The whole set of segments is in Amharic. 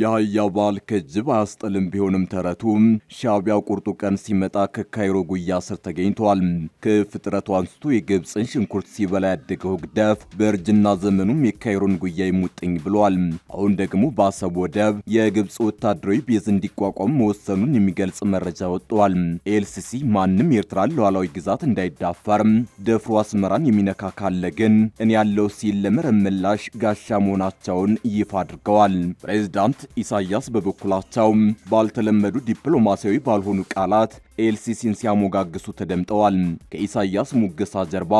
የአህያ ባል ከጅብ አያስጠልም ቢሆንም ተረቱ ሻቢያው ቁርጡ ቀን ሲመጣ ከካይሮ ጉያ ስር ተገኝቷል። ከፍጥረቱ አንስቶ የግብፅን ሽንኩርት ሲበላ ያደገው ግደፍ በእርጅና ዘመኑም የካይሮን ጉያ ይሙጥኝ ብሏል። አሁን ደግሞ በአሰብ ወደብ የግብፅ ወታደራዊ ቤዝ እንዲቋቋም መወሰኑን የሚገልጽ መረጃ ወጥቷል። ኤልሲሲ ማንም የኤርትራን ሉዓላዊ ግዛት እንዳይዳፈር ደፍሮ አስመራን የሚነካ ካለ ግን እኔ ያለው ሲል ለመረብ ምላሽ ጋሻ መሆናቸውን ይፋ አድርገዋል። ፕሬዚዳንት ኢሳያስ በበኩላቸው ባልተለመዱ ዲፕሎማሲያዊ ባልሆኑ ቃላት ኤልሲሲን ሲያሞጋግሱ ተደምጠዋል። ከኢሳያስ ሙገሳ ጀርባ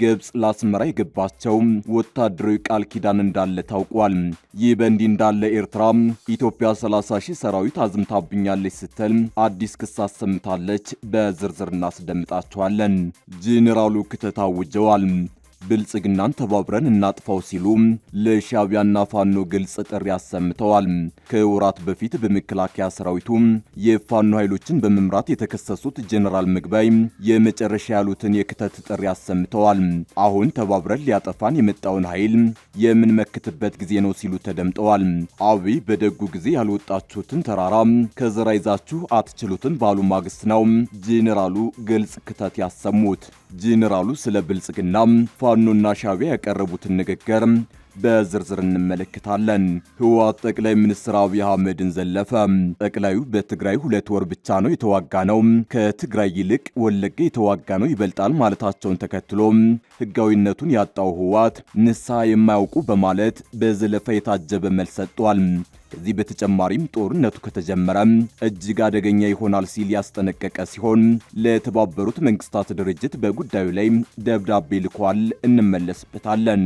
ግብፅ ለአስመራ የገባቸው ወታደራዊ ቃል ኪዳን እንዳለ ታውቋል። ይህ በእንዲህ እንዳለ ኤርትራ ኢትዮጵያ 30 ሺህ ሰራዊት አዝምታብኛለች ስትል አዲስ ክስ አሰምታለች። በዝርዝር እናስደምጣቸዋለን። ጄኔራሉ ክተት አውጀዋል። ብልጽግናን ተባብረን እናጥፋው ሲሉ ለሻቢያና ፋኖ ግልጽ ጥሪ አሰምተዋል። ከወራት በፊት በመከላከያ ሰራዊቱ የፋኖ ኃይሎችን በመምራት የተከሰሱት ጀኔራል ምግባይ የመጨረሻ ያሉትን የክተት ጥሪ አሰምተዋል። አሁን ተባብረን ሊያጠፋን የመጣውን ኃይል የምንመክትበት ጊዜ ነው ሲሉ ተደምጠዋል። አብይ በደጉ ጊዜ ያልወጣችሁትን ተራራ ከዘራ ይዛችሁ አትችሉትም ባሉ ማግስት ነው ጄኔራሉ ግልጽ ክተት ያሰሙት። ጄኔራሉ ስለ ብልጽግና ፋኖ ፋኖና ሻቢያ ያቀረቡትን ንግግር በዝርዝር እንመለከታለን። ህወሓት ጠቅላይ ሚኒስትር አብይ አህመድን ዘለፈ። ጠቅላዩ በትግራይ ሁለት ወር ብቻ ነው የተዋጋ ነው፣ ከትግራይ ይልቅ ወለጋ የተዋጋ ነው ይበልጣል ማለታቸውን ተከትሎ ህጋዊነቱን ያጣው ህወሓት ንስሐ የማያውቁ በማለት በዘለፋ የታጀበ መልስ ሰጥቷል። ከዚህ በተጨማሪም ጦርነቱ ከተጀመረ እጅግ አደገኛ ይሆናል ሲል ያስጠነቀቀ ሲሆን ለተባበሩት መንግስታት ድርጅት በጉዳዩ ላይ ደብዳቤ ልኳል። እንመለስበታለን።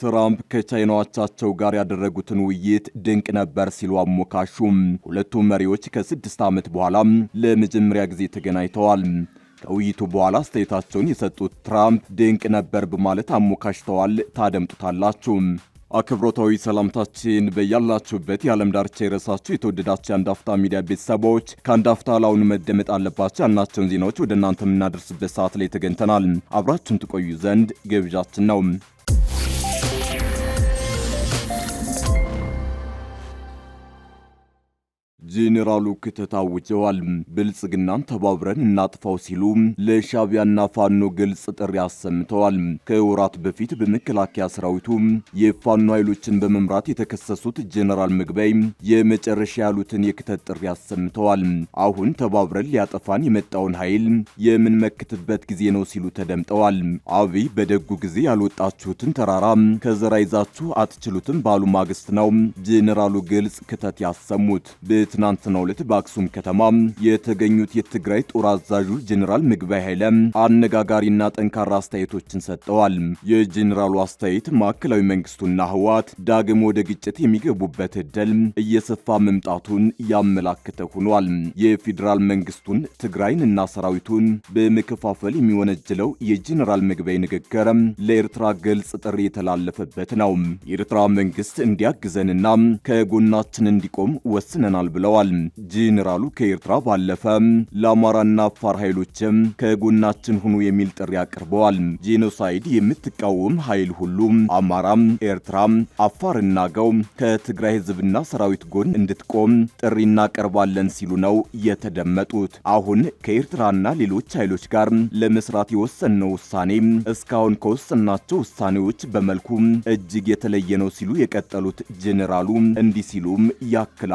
ትራምፕ ከቻይናዎቻቸው ጋር ያደረጉትን ውይይት ድንቅ ነበር ሲሉ አሞካሹም። ሁለቱ መሪዎች ከስድስት ዓመት በኋላ ለመጀመሪያ ጊዜ ተገናኝተዋል። ከውይይቱ በኋላ አስተያየታቸውን የሰጡት ትራምፕ ድንቅ ነበር በማለት አሞካሽተዋል። ታደምጡታላችሁ። አክብሮታዊ ሰላምታችን በያላችሁበት የዓለም ዳርቻ የረሳችሁ የተወደዳችሁ የአንዳፍታ ሚዲያ ቤተሰቦች ከአንዳፍታ አፍታ መደመጥ አለባቸው ያናቸውን ዜናዎች ወደ እናንተ የምናደርስበት ሰዓት ላይ ተገኝተናል። አብራችሁን ትቆዩ ዘንድ ግብዣችን ነው። ጄኔራሉ ክተት አውጀዋል። ብልጽግናን ተባብረን እናጥፋው ሲሉ ለሻቢያና ፋኖ ግልጽ ጥሪ አሰምተዋል። ከወራት በፊት በመከላከያ ሰራዊቱ የፋኖ ኃይሎችን በመምራት የተከሰሱት ጄኔራል ምግበይ የመጨረሻ ያሉትን የክተት ጥሪ አሰምተዋል። አሁን ተባብረን ሊያጠፋን የመጣውን ኃይል የምንመክትበት ጊዜ ነው ሲሉ ተደምጠዋል። አብይ በደጉ ጊዜ ያልወጣችሁትን ተራራ ከዘራ ይዛችሁ አትችሉትም ባሉ ማግስት ነው ጄኔራሉ ግልጽ ክተት ያሰሙት። በትናንትናው ዕለት በአክሱም ከተማ የተገኙት የትግራይ ጦር አዛዡ ጀኔራል ምግባይ ኃይለ አነጋጋሪና ጠንካራ አስተያየቶችን ሰጥተዋል። የጀኔራሉ አስተያየት ማዕከላዊ መንግስቱና ህወሓት ዳግም ወደ ግጭት የሚገቡበት ዕድል እየሰፋ መምጣቱን ያመላክተ ሆኗል። የፌዴራል መንግስቱን ትግራይን እና ሰራዊቱን በመከፋፈል የሚወነጅለው የጀኔራል ምግባይ ንግግር ለኤርትራ ግልጽ ጥሪ የተላለፈበት ነው። የኤርትራ መንግስት እንዲያግዘንና ከጎናችን እንዲቆም ወስነናል ብለው ብለዋል። ጄኔራሉ ከኤርትራ ባለፈ ለአማራና አፋር ኃይሎችም ከጎናችን ሁኑ የሚል ጥሪ አቅርበዋል። ጄኖሳይድ የምትቃወም ኃይል ሁሉም አማራም፣ ኤርትራም፣ አፋርና ገው ከትግራይ ህዝብና ሰራዊት ጎን እንድትቆም ጥሪ እናቀርባለን ሲሉ ነው የተደመጡት። አሁን ከኤርትራና ሌሎች ኃይሎች ጋር ለመስራት ነው ውሳኔ እስካሁን ከወሰናቸው ውሳኔዎች በመልኩ እጅግ የተለየ ነው ሲሉ የቀጠሉት ጄኔራሉ እንዲህ ሲሉም ያክላሉ።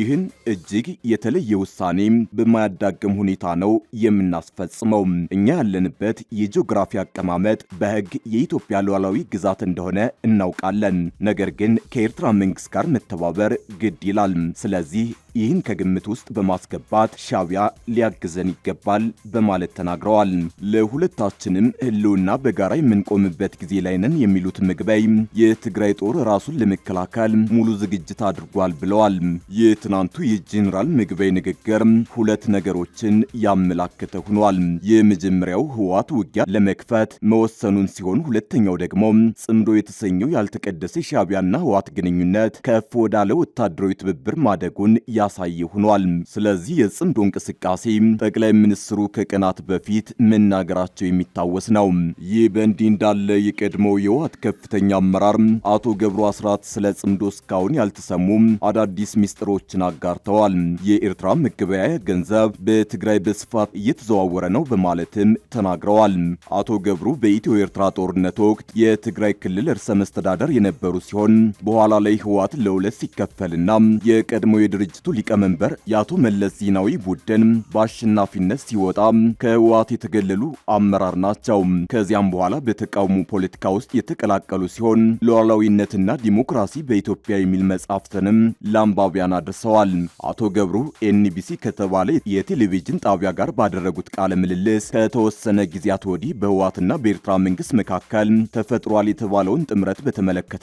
ይህን እጅግ የተለየ ውሳኔ በማያዳግም ሁኔታ ነው የምናስፈጽመው። እኛ ያለንበት የጂኦግራፊ አቀማመጥ በህግ የኢትዮጵያ ሉዓላዊ ግዛት እንደሆነ እናውቃለን። ነገር ግን ከኤርትራ መንግስት ጋር መተባበር ግድ ይላል። ስለዚህ ይህን ከግምት ውስጥ በማስገባት ሻቢያ ሊያግዘን ይገባል በማለት ተናግረዋል። ለሁለታችንም ህልውና በጋራ የምንቆምበት ጊዜ ላይ ነን የሚሉት ምግበይ የትግራይ ጦር ራሱን ለመከላከል ሙሉ ዝግጅት አድርጓል ብለዋል። የትናንቱ የጄኔራል ምግበይ ንግግር ሁለት ነገሮችን ያመላከተ ሆኗል። የመጀመሪያው ህወሓት ውጊያ ለመክፈት መወሰኑን ሲሆን፣ ሁለተኛው ደግሞ ጽምዶ የተሰኘው ያልተቀደሰ የሻቢያና ህወሓት ግንኙነት ከፍ ወዳለ ወታደራዊ ትብብር ማደጉን ያሳይ ሆኗል። ስለዚህ የጽምዶ እንቅስቃሴ ጠቅላይ ሚኒስትሩ ከቀናት በፊት መናገራቸው የሚታወስ ነው። ይህ በእንዲህ እንዳለ የቀድሞው የህወሓት ከፍተኛ አመራር አቶ ገብሩ አስራት ስለ ጽምዶ እስካሁን ያልተሰሙ አዳዲስ ሚስጥሮችን አጋርተዋል። የኤርትራ መገበያያ ገንዘብ በትግራይ በስፋት እየተዘዋወረ ነው በማለትም ተናግረዋል። አቶ ገብሩ በኢትዮ ኤርትራ ጦርነት ወቅት የትግራይ ክልል እርሰ መስተዳደር የነበሩ ሲሆን በኋላ ላይ ህወሓት ለሁለት ሲከፈልና የቀድሞ የድርጅቱ ሊቀመንበር የአቶ መለስ ዜናዊ ቡድን በአሸናፊነት ሲወጣ ከህወሓት የተገለሉ አመራር ናቸው። ከዚያም በኋላ በተቃውሞ ፖለቲካ ውስጥ የተቀላቀሉ ሲሆን ሉዓላዊነትና ዲሞክራሲ በኢትዮጵያ የሚል መጽሐፍትንም ለአንባቢያን አድርሰዋል። አቶ ገብሩ ኤንቢሲ ከተባለ የቴሌቪዥን ጣቢያ ጋር ባደረጉት ቃለ ምልልስ ከተወሰነ ጊዜያት ወዲህ በህወሓትና በኤርትራ መንግስት መካከል ተፈጥሯል የተባለውን ጥምረት በተመለከተ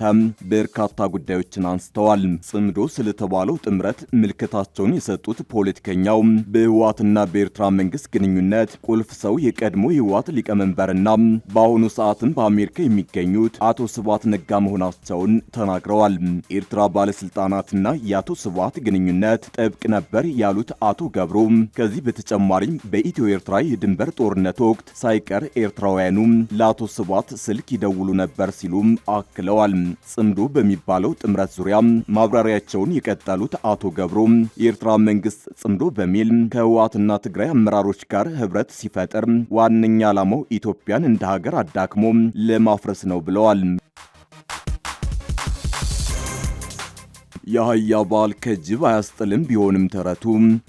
በርካታ ጉዳዮችን አንስተዋል። ጽምዶ ስለተባለው ጥምረት ምልክ ምልክታቸውን የሰጡት ፖለቲከኛው በህወሓትና በኤርትራ መንግስት ግንኙነት ቁልፍ ሰው የቀድሞ የህወሓት ሊቀመንበርና በአሁኑ ሰዓትም በአሜሪካ የሚገኙት አቶ ስብሃት ነጋ መሆናቸውን ተናግረዋል። ኤርትራ ባለስልጣናትና የአቶ ስብሃት ግንኙነት ጥብቅ ነበር ያሉት አቶ ገብሩ ከዚህ በተጨማሪም በኢትዮ ኤርትራ የድንበር ጦርነት ወቅት ሳይቀር ኤርትራውያኑ ለአቶ ስብሃት ስልክ ይደውሉ ነበር ሲሉም አክለዋል። ጽምዶ በሚባለው ጥምረት ዙሪያ ማብራሪያቸውን የቀጠሉት አቶ ገብሩ የኤርትራ መንግስት ጽምዶ በሚል ከህወሓትና ትግራይ አመራሮች ጋር ህብረት ሲፈጥር ዋነኛ ዓላማው ኢትዮጵያን እንደ ሀገር አዳክሞ ለማፍረስ ነው ብለዋል። የአህያ ባል ከጅብ አያስጥልም ቢሆንም ተረቱ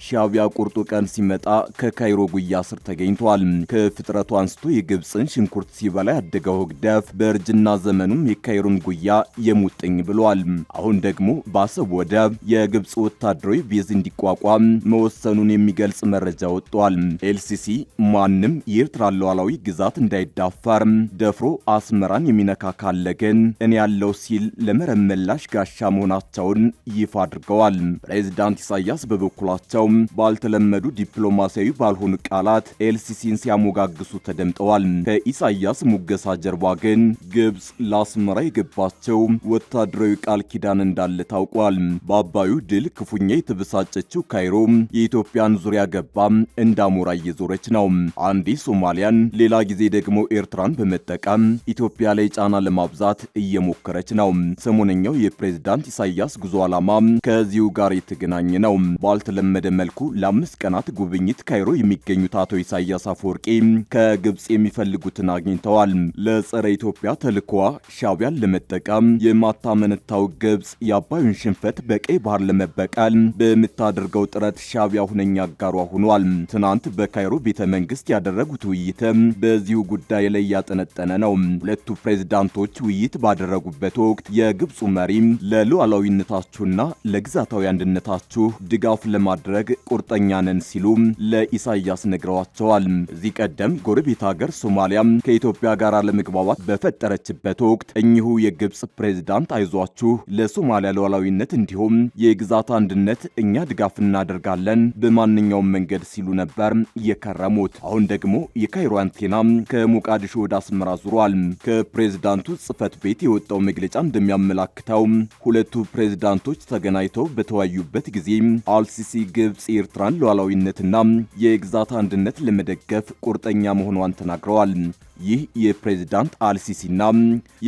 ሻቢያ ቁርጡ ቀን ሲመጣ ከካይሮ ጉያ ስር ተገኝቷል። ከፍጥረቱ አንስቶ የግብፅን ሽንኩርት ሲበላ ያደገው ህግደፍ በእርጅና ዘመኑም የካይሮን ጉያ የሙጥኝ ብሏል። አሁን ደግሞ በአሰብ ወደብ የግብፅ ወታደራዊ ቤዝ እንዲቋቋም መወሰኑን የሚገልጽ መረጃ ወጥቷል። ኤልሲሲ ማንም የኤርትራ ሉዓላዊ ግዛት እንዳይዳፈር ደፍሮ አስመራን የሚነካ ካለ ግን እኔ ያለው ሲል ለመረመላሽ ጋሻ መሆናቸውን ይፋ አድርገዋል። ፕሬዚዳንት ኢሳያስ በበኩላቸው ባልተለመዱ ዲፕሎማሲያዊ ባልሆኑ ቃላት ኤልሲሲን ሲያሞጋግሱ ተደምጠዋል። ከኢሳያስ ሙገሳ ጀርባ ግን ግብፅ ለአስመራ የገባቸው ወታደራዊ ቃል ኪዳን እንዳለ ታውቋል። በአባዩ ድል ክፉኛ የተበሳጨችው ካይሮ የኢትዮጵያን ዙሪያ ገባ እንዳሞራ እየዞረች ነው። አንዴ ሶማሊያን፣ ሌላ ጊዜ ደግሞ ኤርትራን በመጠቀም ኢትዮጵያ ላይ ጫና ለማብዛት እየሞከረች ነው። ሰሞነኛው የፕሬዚዳንት ኢሳያስ ጉዞ ዓላማ ከዚሁ ጋር የተገናኘ ነው። ባልተለመደ መልኩ ለአምስት ቀናት ጉብኝት ካይሮ የሚገኙት አቶ ኢሳያስ አፈወርቂ ከግብፅ የሚፈልጉትን አግኝተዋል። ለጸረ ኢትዮጵያ ተልኳ ሻቢያን ለመጠቀም የማታመነታው ግብፅ የአባዩን ሽንፈት በቀይ ባህር ለመበቀል በምታደርገው ጥረት ሻቢያ ሁነኛ አጋሯ ሆኗል። ትናንት በካይሮ ቤተ መንግስት ያደረጉት ውይይት በዚሁ ጉዳይ ላይ ያጠነጠነ ነው። ሁለቱ ፕሬዝዳንቶች ውይይት ባደረጉበት ወቅት የግብፁ መሪ ለሉዓላዊነት ለሀገራችሁና ለግዛታዊ አንድነታችሁ ድጋፍ ለማድረግ ቁርጠኛ ነን ሲሉ ለኢሳያስ ነግረዋቸዋል። እዚህ ቀደም ጎረቤት ሀገር ሶማሊያ ከኢትዮጵያ ጋር ለመግባባት በፈጠረችበት ወቅት እኚሁ የግብፅ ፕሬዚዳንት አይዟችሁ፣ ለሶማሊያ ሉዓላዊነት እንዲሁም የግዛት አንድነት እኛ ድጋፍ እናደርጋለን በማንኛውም መንገድ ሲሉ ነበር የከረሙት። አሁን ደግሞ የካይሮ አንቴና ከሞቃዲሾ ወደ አስመራ ዙሯል። ከፕሬዚዳንቱ ጽህፈት ቤት የወጣው መግለጫ እንደሚያመላክተው ሁለቱ ፕሬዚዳንት ፕሬዝዳንቶች ተገናኝተው በተወያዩበት ጊዜ አልሲሲ ግብፅ የኤርትራን ሉዓላዊነትና የግዛት አንድነት ለመደገፍ ቁርጠኛ መሆኗን ተናግረዋል። ይህ የፕሬዝዳንት አልሲሲና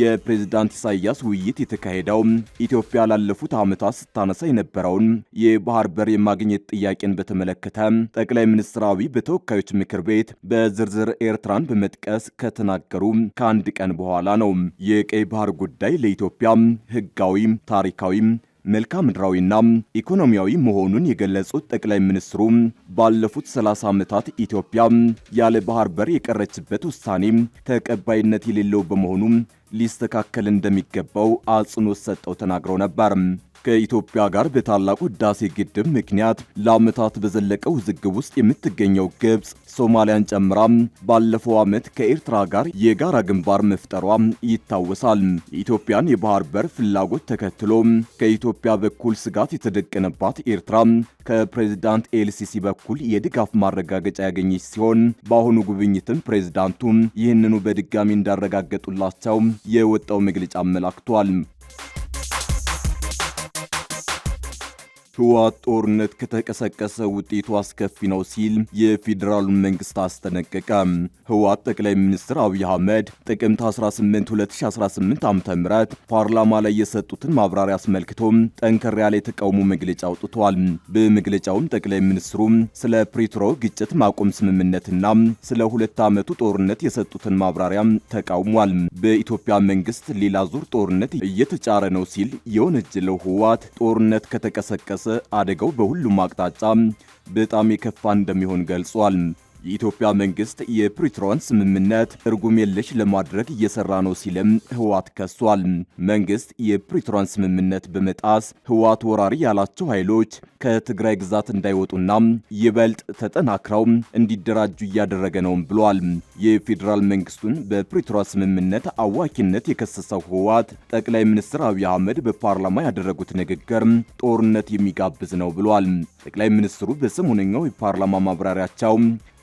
የፕሬዝዳንት ኢሳያስ ውይይት የተካሄደው ኢትዮጵያ ላለፉት ዓመታት ስታነሳ የነበረውን የባህር በር የማግኘት ጥያቄን በተመለከተ ጠቅላይ ሚኒስትር አብይ በተወካዮች ምክር ቤት በዝርዝር ኤርትራን በመጥቀስ ከተናገሩ ከአንድ ቀን በኋላ ነው። የቀይ ባህር ጉዳይ ለኢትዮጵያ ሕጋዊም ታሪካዊም መልክዓ ምድራዊና ኢኮኖሚያዊ መሆኑን የገለጹት ጠቅላይ ሚኒስትሩ ባለፉት 30 ዓመታት ኢትዮጵያ ያለ ባህር በር የቀረችበት ውሳኔ ተቀባይነት የሌለው በመሆኑ ሊስተካከል እንደሚገባው አጽንኦት ሰጠው ተናግረው ነበር። ከኢትዮጵያ ጋር በታላቁ ህዳሴ ግድብ ምክንያት ለዓመታት በዘለቀ ውዝግብ ውስጥ የምትገኘው ግብፅ ሶማሊያን ጨምራም ባለፈው ዓመት ከኤርትራ ጋር የጋራ ግንባር መፍጠሯ ይታወሳል። የኢትዮጵያን የባህር በር ፍላጎት ተከትሎ ከኢትዮጵያ በኩል ስጋት የተደቀነባት ኤርትራ ከፕሬዚዳንት ኤልሲሲ በኩል የድጋፍ ማረጋገጫ ያገኘች ሲሆን በአሁኑ ጉብኝትም ፕሬዚዳንቱ ይህንኑ በድጋሚ እንዳረጋገጡላቸው የወጣው መግለጫ አመላክቷል። ህወሓት ጦርነት ከተቀሰቀሰ ውጤቱ አስከፊ ነው ሲል የፌዴራሉን መንግስት አስጠነቀቀ። ህወሓት ጠቅላይ ሚኒስትር አብይ አህመድ ጥቅምት 18 2018 ዓ ም ፓርላማ ላይ የሰጡትን ማብራሪያ አስመልክቶ ጠንከር ያለ የተቃውሞ መግለጫ አውጥተዋል። በመግለጫውም ጠቅላይ ሚኒስትሩ ስለ ፕሪትሮ ግጭት ማቆም ስምምነትና ስለ ሁለት ዓመቱ ጦርነት የሰጡትን ማብራሪያ ተቃውሟል። በኢትዮጵያ መንግስት ሌላ ዙር ጦርነት እየተጫረ ነው ሲል የወነጀለው ህወሓት ጦርነት ከተቀሰቀሰ ከደረሰ አደጋው በሁሉም አቅጣጫ በጣም የከፋ እንደሚሆን ገልጿል። የኢትዮጵያ መንግስት የፕሪቶሪያን ስምምነት ትርጉም የለሽ ለማድረግ እየሰራ ነው ሲልም ህወሓት ከሷል። መንግስት የፕሪቶሪያን ስምምነት በመጣስ ህወሓት ወራሪ ያላቸው ኃይሎች ከትግራይ ግዛት እንዳይወጡና ይበልጥ ተጠናክረው እንዲደራጁ እያደረገ ነውም ብሏል። የፌዴራል መንግስቱን በፕሪቶሪያ ስምምነት አዋኪነት የከሰሰው ህወሓት ጠቅላይ ሚኒስትር አብይ አህመድ በፓርላማ ያደረጉት ንግግር ጦርነት የሚጋብዝ ነው ብሏል። ጠቅላይ ሚኒስትሩ በሰሞነኛው የፓርላማ ማብራሪያቸው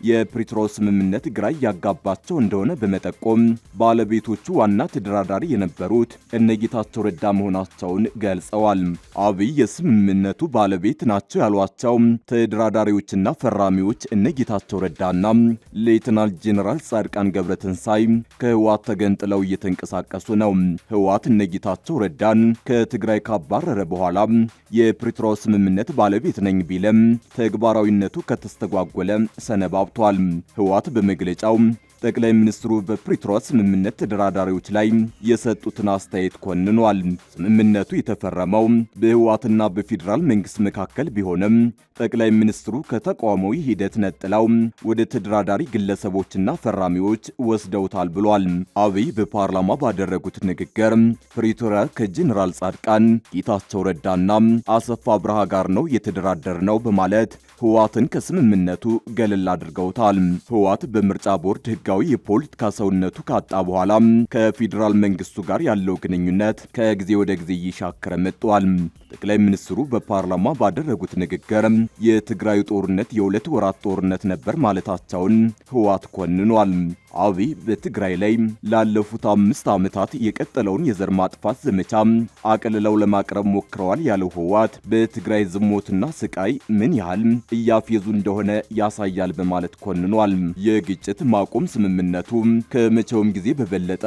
የፕሪትሮ ስምምነት ግራ እያጋባቸው እንደሆነ በመጠቆም ባለቤቶቹ ዋና ተደራዳሪ የነበሩት እነጌታቸው ረዳ መሆናቸውን ገልጸዋል። አብይ የስምምነቱ ባለቤት ናቸው ያሏቸው ተደራዳሪዎችና ፈራሚዎች እነጌታቸው ረዳና ሌተናል ጄኔራል ጻድቃን ገብረትንሳይ ከህዋት ተገንጥለው እየተንቀሳቀሱ ነው። ህዋት እነጌታቸው ረዳን ከትግራይ ካባረረ በኋላ የፕሪትሮ ስምምነት ባለቤት ነኝ ቢለም ተግባራዊነቱ ከተስተጓጎለ ሰነባ አብቷል። ህወሓት በመግለጫው ጠቅላይ ሚኒስትሩ በፕሪቶሪያ ስምምነት ተደራዳሪዎች ላይ የሰጡትን አስተያየት ኮንኗል። ስምምነቱ የተፈረመው በህወሓትና በፌዴራል መንግስት መካከል ቢሆንም ጠቅላይ ሚኒስትሩ ከተቋማዊ ሂደት ነጥለው ወደ ተደራዳሪ ግለሰቦችና ፈራሚዎች ወስደውታል ብሏል። አብይ በፓርላማ ባደረጉት ንግግር ፕሪቶሪያ ከጄኔራል ጻድቃን ጌታቸው ረዳና አሰፋ አብርሃ ጋር ነው የተደራደር ነው በማለት ህወሓትን ከስምምነቱ ገለል አድርገውታል። ህወሓት በምርጫ ቦርድ ህግ ህጋዊ የፖለቲካ ሰውነቱ ካጣ በኋላ ከፌዴራል መንግስቱ ጋር ያለው ግንኙነት ከጊዜ ወደ ጊዜ እየሻከረ መጥቷል። ጠቅላይ ሚኒስትሩ በፓርላማ ባደረጉት ንግግር የትግራዩ ጦርነት የሁለት ወራት ጦርነት ነበር ማለታቸውን ህወሓት ኮንኗል። አብይ በትግራይ ላይ ላለፉት አምስት ዓመታት የቀጠለውን የዘር ማጥፋት ዘመቻ አቅልለው ለማቅረብ ሞክረዋል ያለው ህወሓት በትግራይ ዝሞትና ስቃይ ምን ያህል እያፌዙ እንደሆነ ያሳያል በማለት ኮንኗል። የግጭት ማቆም ስምምነቱ ከመቼውም ጊዜ በበለጠ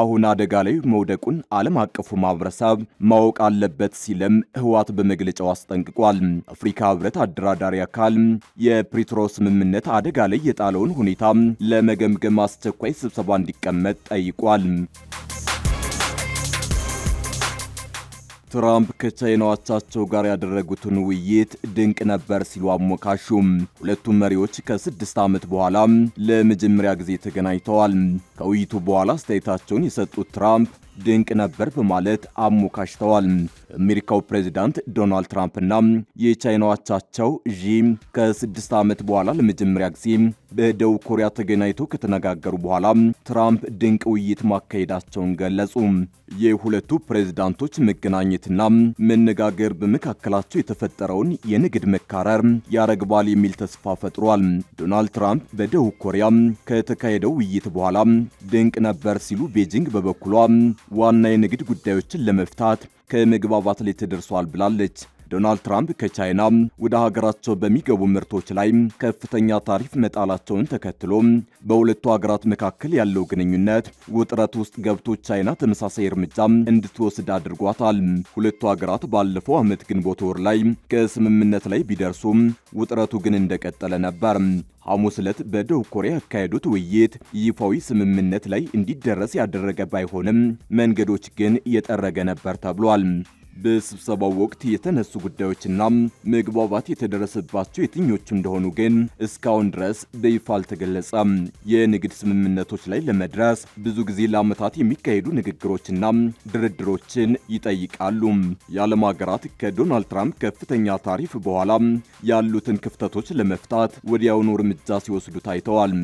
አሁን አደጋ ላይ መውደቁን ዓለም አቀፉ ማህበረሰብ ማወቅ አለበት ሲለም ህወሓት በመግለጫው አስጠንቅቋል። አፍሪካ ህብረት አደራዳሪ አካል የፕሪቶሪያ ስምምነት አደጋ ላይ የጣለውን ሁኔታ ለመገምገም አስቸኳይ ስብሰባ እንዲቀመጥ ጠይቋል። ትራምፕ ከቻይና አቻቸው ጋር ያደረጉትን ውይይት ድንቅ ነበር ሲሉ አሞካሹ። ሁለቱም መሪዎች ከስድስት ዓመት በኋላ ለመጀመሪያ ጊዜ ተገናኝተዋል። ከውይይቱ በኋላ አስተያየታቸውን የሰጡት ትራምፕ ድንቅ ነበር በማለት አሞካሽተዋል። የአሜሪካው ፕሬዚዳንት ዶናልድ ትራምፕና ና አቻቸው ዢ ከስድስት ዓመት በኋላ ለመጀመሪያ ጊዜ በደቡብ ኮሪያ ተገናኝተው ከተነጋገሩ በኋላ ትራምፕ ድንቅ ውይይት ማካሄዳቸውን ገለጹ። የሁለቱ ፕሬዚዳንቶች መገናኘትና መነጋገር በመካከላቸው የተፈጠረውን የንግድ መካረር ያረግባል የሚል ተስፋ ፈጥሯል። ዶናልድ ትራምፕ በደቡብ ኮሪያ ከተካሄደው ውይይት በኋላ ድንቅ ነበር ሲሉ ቤጂንግ በበኩሏ ዋና የንግድ ጉዳዮችን ለመፍታት ከመግባባት ላይ ተደርሷል ብላለች። ዶናልድ ትራምፕ ከቻይና ወደ ሀገራቸው በሚገቡ ምርቶች ላይ ከፍተኛ ታሪፍ መጣላቸውን ተከትሎ በሁለቱ ሀገራት መካከል ያለው ግንኙነት ውጥረት ውስጥ ገብቶ ቻይና ተመሳሳይ እርምጃ እንድትወስድ አድርጓታል። ሁለቱ ሀገራት ባለፈው ዓመት ግንቦት ወር ላይ ከስምምነት ላይ ቢደርሱም ውጥረቱ ግን እንደቀጠለ ነበር። ሐሙስ ዕለት በደቡብ ኮሪያ ያካሄዱት ውይይት ይፋዊ ስምምነት ላይ እንዲደረስ ያደረገ ባይሆንም መንገዶች ግን የጠረገ ነበር ተብሏል። በስብሰባው ወቅት የተነሱ ጉዳዮችና መግባባት የተደረሰባቸው የትኞቹ እንደሆኑ ግን እስካሁን ድረስ በይፋ አልተገለጸም። የንግድ ስምምነቶች ላይ ለመድረስ ብዙ ጊዜ ለዓመታት የሚካሄዱ ንግግሮችና ድርድሮችን ይጠይቃሉ። የዓለም ሀገራት ከዶናልድ ትራምፕ ከፍተኛ ታሪፍ በኋላ ያሉትን ክፍተቶች ለመፍታት ወዲያውኑ እርምጃ ሲወስዱ ታይተዋል።